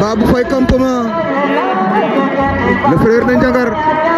Babou Faye campement le frère de Ndiangar